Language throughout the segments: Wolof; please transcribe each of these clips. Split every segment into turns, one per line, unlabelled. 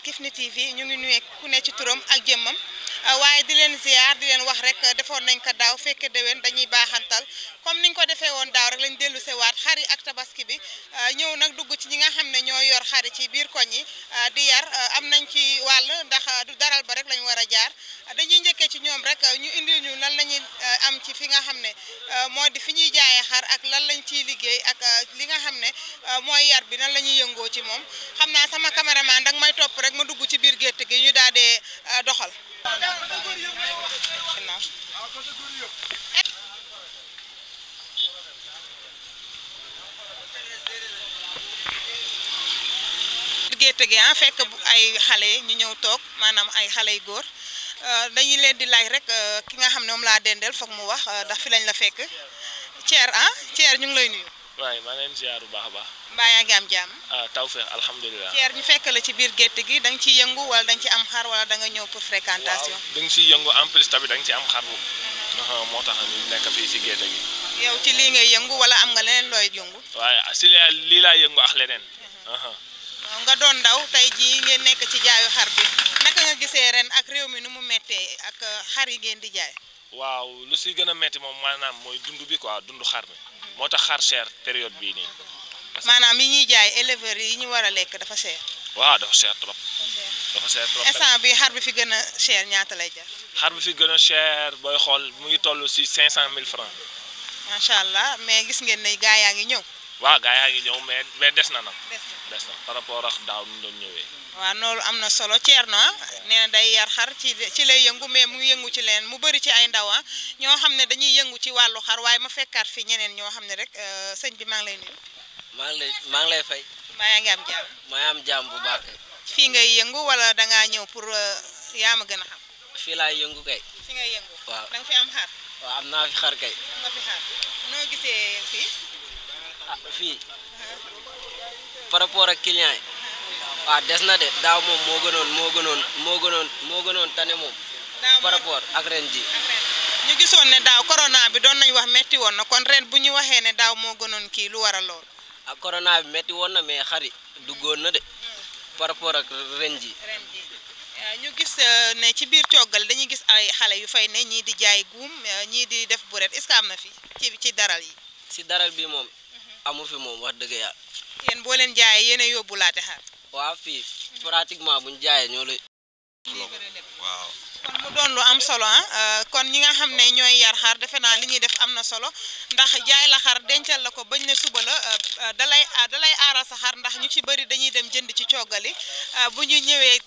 téléspectateur Kifne TV ñu ngi nuyeek ku ne ci turam ak jëmmam ah, waaye di leen ziar di leen wax rek ah, defoon nañ ko daaw fekke déwén dañuy baaxantal comme ni ñu ko defee woon daaw rek lañu dellu sewaat xar yi ak tabaski bi ah, ñëw nag dugg ci ñi nga xam ne ñoo yor xari ci biir koñ yi di yar am nañ ci wàll ndax du daral ba rek lañ war a jaar dañuy njëkkee ci ñoom rek ñu indi ñu lan la ñuy eh, am ci fi nga xam ne eh, moo di fi ñuy jaayee xar ak lan lañ ciy liggéey ak eh, li nga xam ne mooy yar bi nan la ñuy yëngoo ci moom xam naa sama caméraman danga may topp rek ma dugg ci biir gétt gi ñu daal di doxal. gétt gi ah fekk ay xale yi ñu ñëw toog maanaam ay xale yu góor. Euh, dañuy leen di laaj rek euh, ki nga xam ne moom laa dendeel foog mu wax euh, ndax fi lañ la fekk Thier ah Thier ñu ngi lay nuyu.
waaye ma ngi leen ziar bu baax baax.
mbaa yaa ngi am jàmm. ah tawfeex ñu fekk la ci biir gerte gi da nga ciy yëngu wala da ci am xar wala da nga ñëw pour fréquentation.
waaw da yëngu en plus tamit da nga ci am xar mm-hmm. ah, moo tax ñu nekk fii ci gerte gi.
yow ci lii ngay yëngu wala am nga leneen looy yëngu.
waaye si lii laa yëngu ax leneen. Mm-hmm. Ah, ah.
nga don ndaw tay ji ngeen nek ci jaayu xar bi naka nga gisee ren ak réew mi nu mu ak xar yi ngeen di jaay.
waaw lu si gëna metti mom manam moy dundu bi quoi dundu xar mi motax xar cher période bi ni manam
yi ñi jaay éleveur yi ñu wara lek dafa cher.
waaw dafa cher trop. dafa cher trop instant
bi xar bi fi gëna cher ñaata lay jaay
xar bi fi gëna cher boy xol mu ngi tollu si 500000 francs.
macha allah mais gis ngeen ne gaay yaangi ñew
waaw gars yaa ngi ñëw mais des na nag. des na par rapport daaw ñu doon ñëwee.
waaw loolu am na solo Thierno ah, nee na day yar xar ci ci lay yëngu mais mu yëngu ci leen mu bëri ci ay ndaw ah, ñoo xam ne dañuy yëngu ci wàllu xar waaye ma fekkaat fii ñeneen ñoo xam ne rek euh, sëñ bi maa ngi lay nuyu.
maa ngi lay maa
ngi lay fay. maa yaa ngi am jàmm. maa yaa am jàmm bu baax. fii ngay yëngu wala da ñëw pour euh, yaa ma gën a xam. fii laay yëngu kay. fii ngay yëngu. waaw da fi am xar. waaw am naa fi xar kay. fii par rapport ak client yi ah, des na de daaw moom moo gënoon moo gënoon moo gënoon moo gënoon tane moom par rapport ak ren ji ñu gisoon ne daaw corona bi doon nañu wax metti woon na kon ren bu ñu waxee ne daaw moo gënoon kii lu waraloon ak ah, corona bi metti woon na mais xari duggoon na de hmm. par rapport ak ren eh, ñu gis eh, ne ci biir coggal dañuy gis ay xale yu fay ne ñii di jaay guum eh, ñii di def buret est-ce am na fi ci ci daral yi si daral bii moom amu fi moom wax dëgg yàlla. yéen boo leen jaayee yéen a yóbbu laate xar. waaw fii pratiquement buñ jaayee ñoo lay. waaw. doon lu am solo ah euh, kon ñi nga xam ne ñooy yar xar defe naa li ñuy def am na solo ndax jaay la xar dencal la ko bañ ne suba la euh, euh, dalay ah, dalay aaral sa xar ndax ñu ci bëri dañuy dem jënd ci coogali bu ñu ñëwee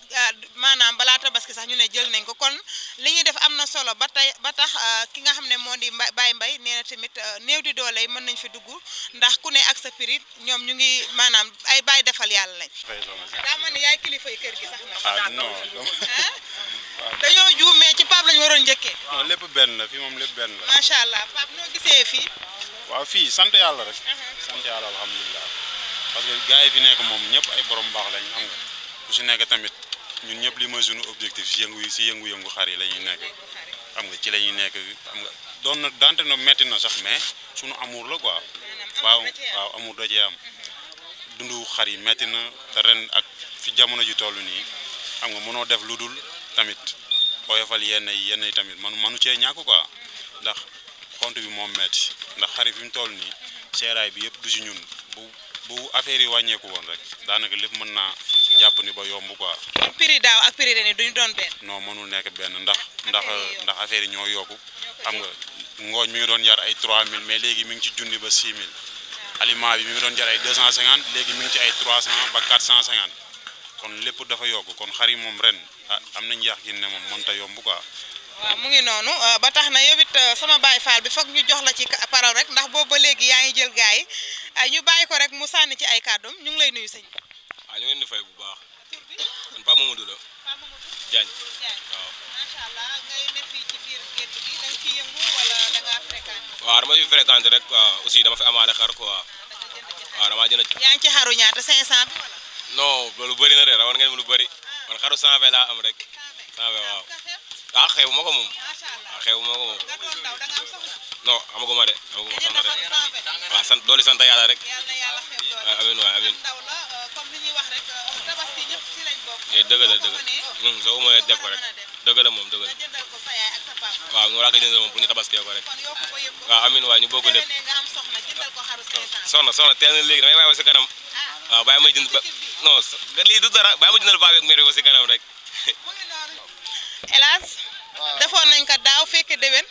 maanaam balaa tabaski sax ñu ne jël nañ ko kon li ñuy def am na solo ba tey ba tax ki nga xam ne moo di Baye mbay nee tamit néew di doole yi mën nañ fi dugg ndax ku ne ak sa prix ñoom ñu ngi maanaam ay bàyyi defal yàlla lañ. daa man ne yaay kilifa yi dañoo juum mais ci Pape lañ waroon njëkkee.
non lépp benn la la.
allah Pape noo gisee fii.
waaw fii sant yàlla rek. Uh-huh. sant yàlla alhamdulilah. parce que gars fi nekk moom ñëpp ay borom baax lañ xam nga ku si nekk tamit ñun ñëpp li mooy suñu objectif yëngu si yëngu-yëngu xar yi nekk xam nga ci la nekk xam nga na dante metti na sax mais suñu amour la quoi. waaw waaw amour da am. dundu xar metti na ren ak fi jamono ji xam nga def tamit oyofal yenn yi yenn yi tamit man manu cee ñàkk quoi ndax xont bi moom metti ndax xarit fi mu toll nii seeraay bi yëpp du si ñun bu bu affaire wàññeeku woon rek daanaka lépp mën naa jàpp ni ba yomb quoi.
prix daaw ak prix ren duñu doon benn.
non mënul nekk benn ndax ndax ndax affaire yi ñoo yokku xam nga ngooñ mi ngi doon jar ay 3000 mais léegi mi ngi ci junni ba 6000 ah. aliment bi mi ngi doon jar ay 250 léegi mi ngi ci ay 300 cent 450. kon lépp dafa yokk kon xar yi moom ren ah am nañ yàqin ne moom mënta yomb quoi.
waaw mu ngi noonu ah, ba tax na yow it ah, sama baay faal bi foog ñu jox la ci parole rek ndax boobu ba léegi yaa ngi jël gaay ah, ñu bàyyi ko rek mu sànni ci ay kàddoom ñu ngi lay nuyu sëñ bi.
waaw ñu fay bu baax. tur bi man Pape Mamadou la. Pape Mamadou
dama
fi fréquenté rek quoi aussi dama fi amaale xar quoi. waa dama jëla ci.
yaa ngi ci xaru ñaata 500 bi
non loolu bëri na de rawoon ngeen mu lu bëri man xaru 120 laa am rek 120 waaw ah xew ma ko moom ah xew ma ko waaw sant dooli sant rek
waaw ah, amin waaw amin eh, dëgg la dëgg hmm, moom dëgg waaw
ñu war a moom pour ñu tabaskee rek waaw amin waaw ñu bokk lépp soxna soxna teel na léegi damay bàyyi ba si kanam waaw bàyyi may jënd ba non lii du dara bàyyi ma jëndal baabi ak mère bi ba si kanam rek.
hélas. defoon nañ ko daaw fekk déwén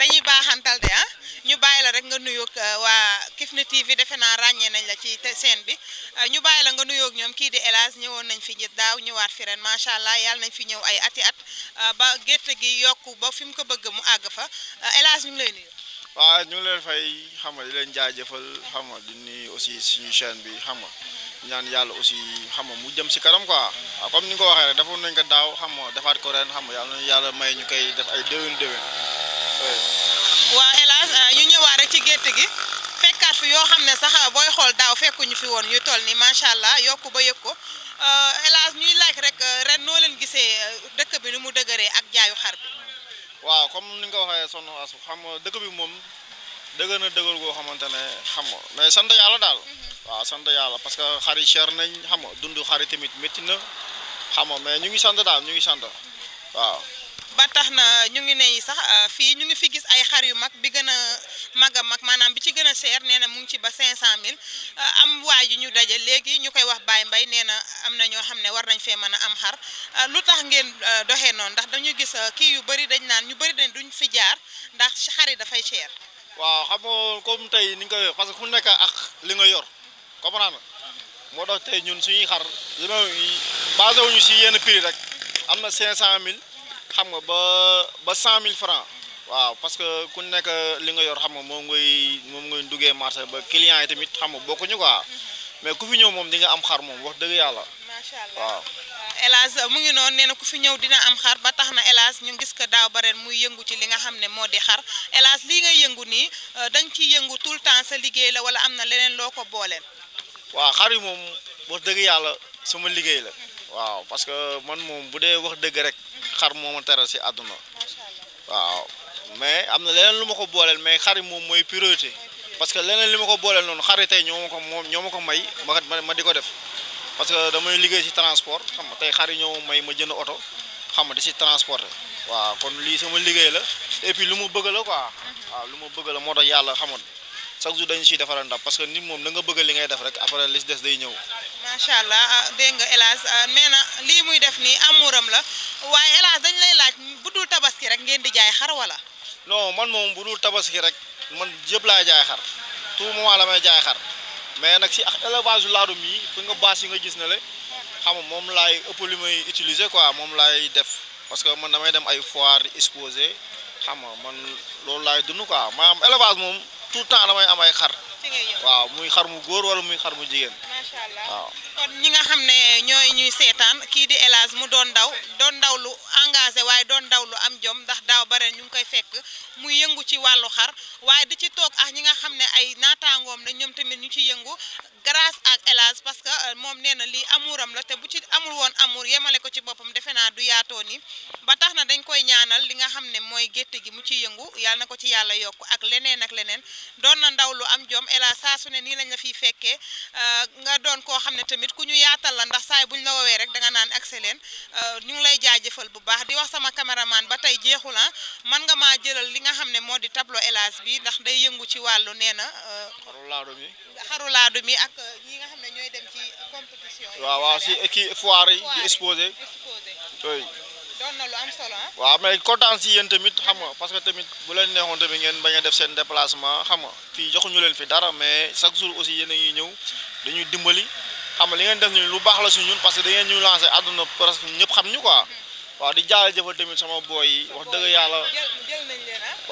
dañuy baaxantal de ah ñu bàyyi la rek nga nuyoog euh, waa Kifne TV defe naa ràññee nañ la ci seen bi euh, ñu bàyyi la nga nuyoog ñoom kii di hélas ñëwoon nañ fi daaw ñëwaat fi ren macha allah yàlla nañ fi ñëw ay ati at euh, ba gerte gi yokk ba fi mu ko bëgg mu àgg fa hélas ñu ngi lay nuyu.
waaw ñu ngi fay xam leen jaajëfal xam nga di aussi suñu chaîne bi xam ñaan yàlla aussi xam nga mu jëm si kanam quoi comme ni nga ko waxee rek defoon nañ ko daaw xam nga defaat ko ren xam nga yàlla nañu yàlla may ñu koy def ay déwén déwén.
waaw hélas ah, ñu ñëwaat rek ci gerte gi fekkaat fi yoo xam ne sax ah, booy xool daaw fekkuñu fi woon ñu toll nii macha allah yokku ba yëg ko hélas ah, ñuy laaj rek ren noo leen gisee dëkk bi ni mu dëgëree ak jaayu xar bi.
waaw comme ni nga ko waxee soxna Asou xam nga dëkk bi moom dëgër na dëgër goo xamante ne xam nga mais sant yàlla daal. Mhm. waaw sant yàlla parce que xar yi cher nañ xam dund xar yi tamit métti na xam nga mais ñu ngi sant daal ñu ngi sant waaw.
ba tax na ñu ngi ne sax euh, fii ñu ngi fi gis ay xar yu mag bi gën a mag a mag maanaam bi ci gën a cher nee na mu ngi ci ba 500000 euh, am waa ji ñu daje léegi ñu koy wax Baye mbay nee na am na ñoo xam ne war nañ fee mën a am xar euh, lu tax ngeen doxe noonu ndax dañu gis kii yu bëri dañ naan ñu bëri dañ duñ fi jaar ndax xar yi dafay cher.
wa xam nga comme tey ni nga koy wax parce li nga yor. comprendre moo tax tey ñun suñuy xar dina basé wuñu si yenn prix rek am na cinq cent mille xam nga ba ba cent mille franc waaw parce que ku nekk li nga yor xam nga moom ngay moom ngay duggee marché ba client yi tamit xam nga bokkuñu quoi mais ku fi ñëw moom di nga am xar moom wax dëgg yàlla. macha allah
waaw.
mu ngi noonu nee na ku fi ñëw
dina am xar ba tax na Elas ñu gis ko daaw ba muy yëngu ci li nga xam ne moo di xar Elas lii ngay yëngu nii euh, dañ nga ciy yëngu tout le temps sa liggéey la wala am na leneen loo ko booleel.
waaw xar yi moom wax dëgg yàlla sama liggéey la waaw parce que man moom bu dee wax dëgg rek xar moom ma teral si àdduna waaw mais am na leneen lu ma ko booleel mais xar yi moom mooy priorité parce que leneen li ma ko booleel noonu xar tey ñoo ma ko moom ñoo ma ko may ma ma di ko def parce que damay liggéey si transport xam nga tey xar yi ñoo ma may ma jënd oto xam nga di si transporté waaw kon lii sama liggéey la et puis lu ma bëgg la quoi waaw lu ma bëgg la moo tax yàlla xamoon chaque jour dañu ciy defaral ndam parce que nit moom na nga bëgg li ngay def rek après li ci des day ñëw.
macha allah ah, dégg nga El Hadj ah, nee na lii muy def nii amuram la waaye El dañ lay laaj bu dul tabaski rek ngeen di jaay xar wala.
non man moom bu dul tabaski rek man yëpp laay jaay xar tout moment la may jaay xar mais nag si ak élevage laadum yi fi nga baas yi nga gis ne la xam moom laay ëpp li may utiliser quoi moom laay def parce que man damay dem ay foire exposé xam nga man loolu laay dund quoi maanaam élevage moom. tout le temps damay am ay xar. waaw muy xar mu góor wala muy xar mu jigéen.
kon ñi nga xam ne ñooy ñuy seetaan kii di El mu doon daw doon ndaw lu engagé waaye doon ndaw lu am jom ndax daaw bare ñu ngi koy fekk muy yëngu ci wàllu xar waaye di ci toog ak ñi nga xam ne ay naataangoom la ñoom tamit ñu ci yëngu grâce ak El Hadj parce que euh, moom nee na lii amuuram la te bu ci amul woon amuur yemale ko ci boppam defe naa du yaatoo ni ba tax na dañ koy ñaanal li nga xam ne mooy gétt gi mu ciy yëngu yàlla na ko ci yàlla yokk ak leneen ak leneen doon na ndaw lu am jom El Hadj saa su ne nii lañ la fiy fekkee euh, nga doon koo xam ne tamit ku ñu yaatal la ndax saay buñ la woowee rek danga naan accès leen euh, ñu ngi lay jaajëfal bu baax di wax sama kamaramaan ba tey jeexul ah. man nga jëlal li nga xamne modi tableau hélas bi ndax day yëngu ci walu nee euh,
xaru laadu mi
xaru laadu mi ak euh, ñi nga xamne ñoy dem
ci compétition yi. waaw waaw si kii foire yi di exposé. toy
don na lu am solo ah.
waaw mais kontaan ci yeen tamit xam nga parce que tamit bu leen neexon tamit ngeen baña def sen déplacement xam nga fi joxu ñu leen fi dara mais chaque jour aussi yeen ngi ñëw dañuy dimbali xam nga li ngeen def nii lu bax la su ñun parce que da ngeen ñu lancer aduna presque ñëpp xam ñu quoi. waaw di jaajëfal tamit sama booy yi wax dëgg yàlla ah.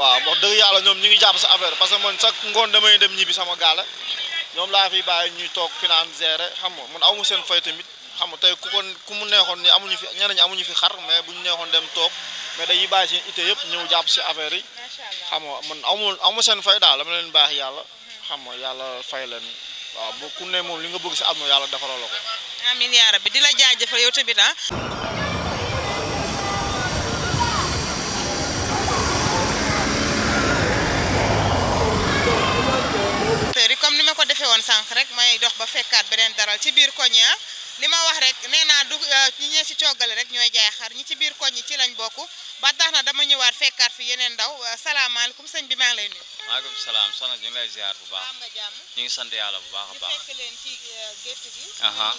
waaw wax dëgg yàlla ñoom ñu ngi jàpp sa affaire parce que man sa ngoon damay dem ñibbi sama gaale ñoom laa fi bàyyi ñuy toog financier xam nga man amu seen fay tamit xam nga tey ku ko ku mu neexoon ni amuñu fi ñeneen amuñu fi xar mais bu ñu neexoon dem toog mais dañuy bàyyi seen ité yëpp ñëw jàpp si affaire yi xam nga man amu amu seen fay daal dama leen baax yàlla xam nga yàlla fay leen waaw bu ku ne moom li nga bëgg si àdduna yàlla defaral
woon sank rek may dox ba fekkat benen daral ci bir koñ ya wax rek neena du euh, ñi ñe ci ciogal rek ñoy jaay xar ñi ci bir koñ ci lañ bokku ba taxna dama ñëwaat fekkat fi yenen ndaw euh, alaykum señ bi ma ngi lay nuyu.
alaykum salaam soxna ñu lay ziar bu baax. am ñu ngi sante yalla bu baax baax.
Euh, aha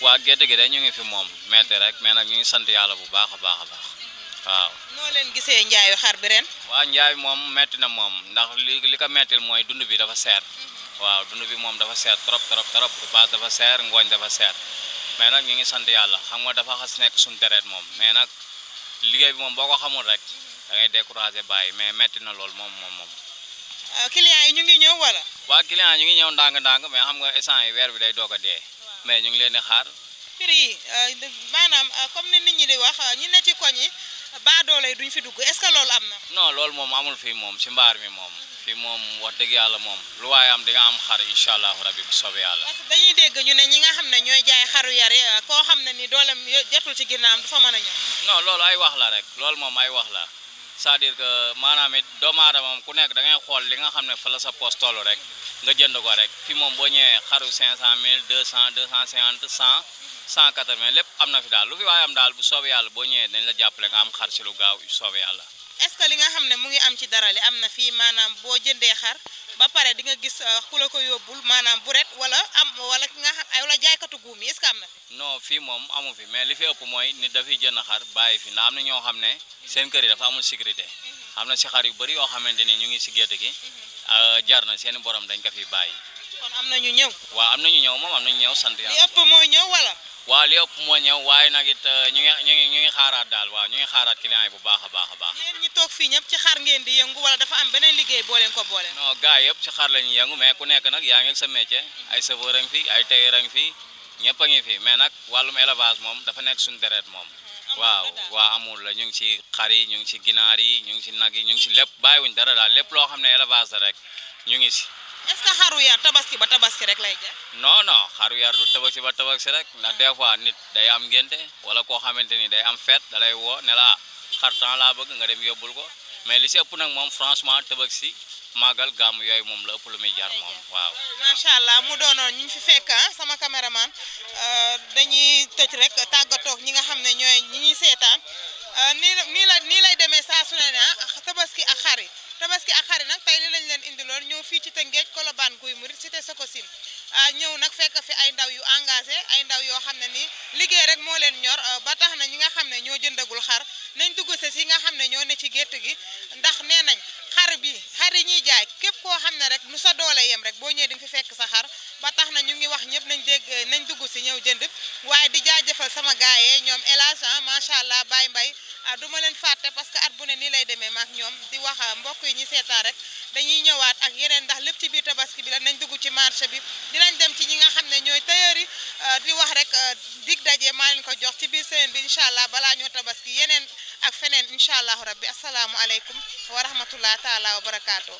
wa leen gi. de ñu ngi fi mom. metti rek mais nak ñu ngi sante yalla bu baax baax baax mhm. waaw.
no leen gisee njaayu xar bi ren.
wa njaay mom metti na mom ndax li ka metti moy dund bi dafa seer. Mhm. waaw dund bi moom dafa seer trop trop trop paas dafa seer ngooñ dafa seer mais nag ñu ngi sant yàlla xam nga dafa xas nekk suñu tereet moom mais nag liggéey bi moom boo ko xamul rek da ngay découragé bàyyi mais metti na lool moom moom moom.
Ah, clients yi ñu ngi ñëw wala.
waa client ñu ngi ñëw ndànk-ndànk mais xam nga instant yi weer bi day doog a mais ñu ngi leen di xaar.
prix yi euh, maanaam euh, comme ni nit ñi di wax euh, ñi ne ci koñ yi baadoole yi duñ fi dugg est-ce que loolu am na.
non loolu moom amul fii moom si mbaar fi mom wax deug yalla mom lu way am di nga am xar inshallah rabbi bi sobe yalla
dañuy deg ñu ne ñi nga xamne ñoy jaay xaru yar ko xamne ni dooleem jottul ci ginnam du fa mën a
non lool ay wax la rek lool mom ay wax la c'est-à-dire que manam it do ma aadama ku nekk da ngay xol li nga xamne fa la sa poste toll rek nga jënd ko rek fi mom bo ñewé xaru 500000 200 250 100 180 lepp amna fi dal lu fi way am dal bu sobe yalla bo ñewé dañ la jappalé nga am xar ci lu gaaw sobe yalla
est ce que li nga am ci dara li am na fii maanaam boo xar ba pare di nga gis euh, ku ko yobul manam bu ret wala am wala ki nga xam ay wala jaaykatu guum gumi est ce que am
fi non fii amu fi mais li fi ëpp ni da fi jënd xar bàyyi fi na amna ño xamne seen kër yi dafa amul sécurité mhm. amna ci xar yu bari yo xamanteni ñu ngi ci gétt gi mhm. euh, jar na seen borom dañ ka fi bàyyi
kon amna ñu ñew
wa amna ñu ñew mom amna ñu ñew sant yàlla li
ëpp moy ñew wala
waaw li ëpp moo ñëw waaye nag it euh, ñu ngi ñu ngi ñu ngi xaaraat daal waa ñu ngi xaaraat client yi bu baax a baax a baax yéen
toog fii ñëpp ci xar ngeen di yëngu wala dafa am beneen liggéey boole leen ko boole
non gars yëpp ci xar la yëngu mais ku nekk nag yaa ngi sa métier ay chauffeur a fi ay tailleur a ngi fi ñëpp a ngi fi mais nag wàllum élevage moom dafa nekk suñu deret moom waaw waa amul la ñu ngi ci xar yi ñu ngi ci ginaar yi ñu ngi ci nag yi ñu ngi ci lépp bàyyiwuñ dara daal lépp loo xam ne élevage rek ñu ngi si
est-ce que xaru yar tabaski ba tabaski rek lay jar.
non non xaru yar du tabaski ba tabaski rek ndax des nit day am ngénte wala koo xamante ni day am fête dalay lay woo ne la xar temps laa bëgg nga dem yóbbul ko mais li si ëpp nag moom franchement tabaski màggal gàmm yooyu moom la ëpp lu muy jar moom waaw.
macha allah mu doonoon ñu fi fekk ah, sama caméraman euh, dañuy tëj rek tàggatoo ñi nga xam ne ñooy ñi ñuy seetaan euh, nii nii la nii lay demee saa su ah, tabaski ak xar tabaski ak xari nag tey li lañ leen indiloon ñëw fii ci Tëngéej Colobane Guy Murit Cité Sococim ah, ñëw nag fekk fi ay ndaw yu engagé ay ndaw yoo xam ne nii liggéey rek moo leen ñor ah, ba tax na ñi nga xam ne ñoo jëndagul xar nañ dugg si si nga xam ne ñoo ne ci gétt gi ndax nee nañ xar bi xar yi ñuy jaay képp koo xam ne rek nu sa doole yem rek boo ñëwee di nga fi fekk sa xar ba tax na ñu ngi wax ñëpp nañ dégg nañ dugg si ñëw jënd waaye di jaajëfal sama gaayee ñoom El Hadj ah, macha allah baay Mbaye du ah, duma leen fàtte parce que at bu ne nii lay demee maak ñoom di wax ah, mbokk yi ñu seetaan rek dañuy ñëwaat ak yeneen ndax lépp ci biir tabaski bi la nañ dugg ci marché bi dinañ dem ci ñi nga xam ne ñooy tailleur yi ah, di wax rek dig daje maa leen ko jox ci biir semaine bi incha allah balaa ñoo tabaski yeneen ak feneen incha allahu rabbi asalaamualeykum wa rahmatullah taala wa barakaatu.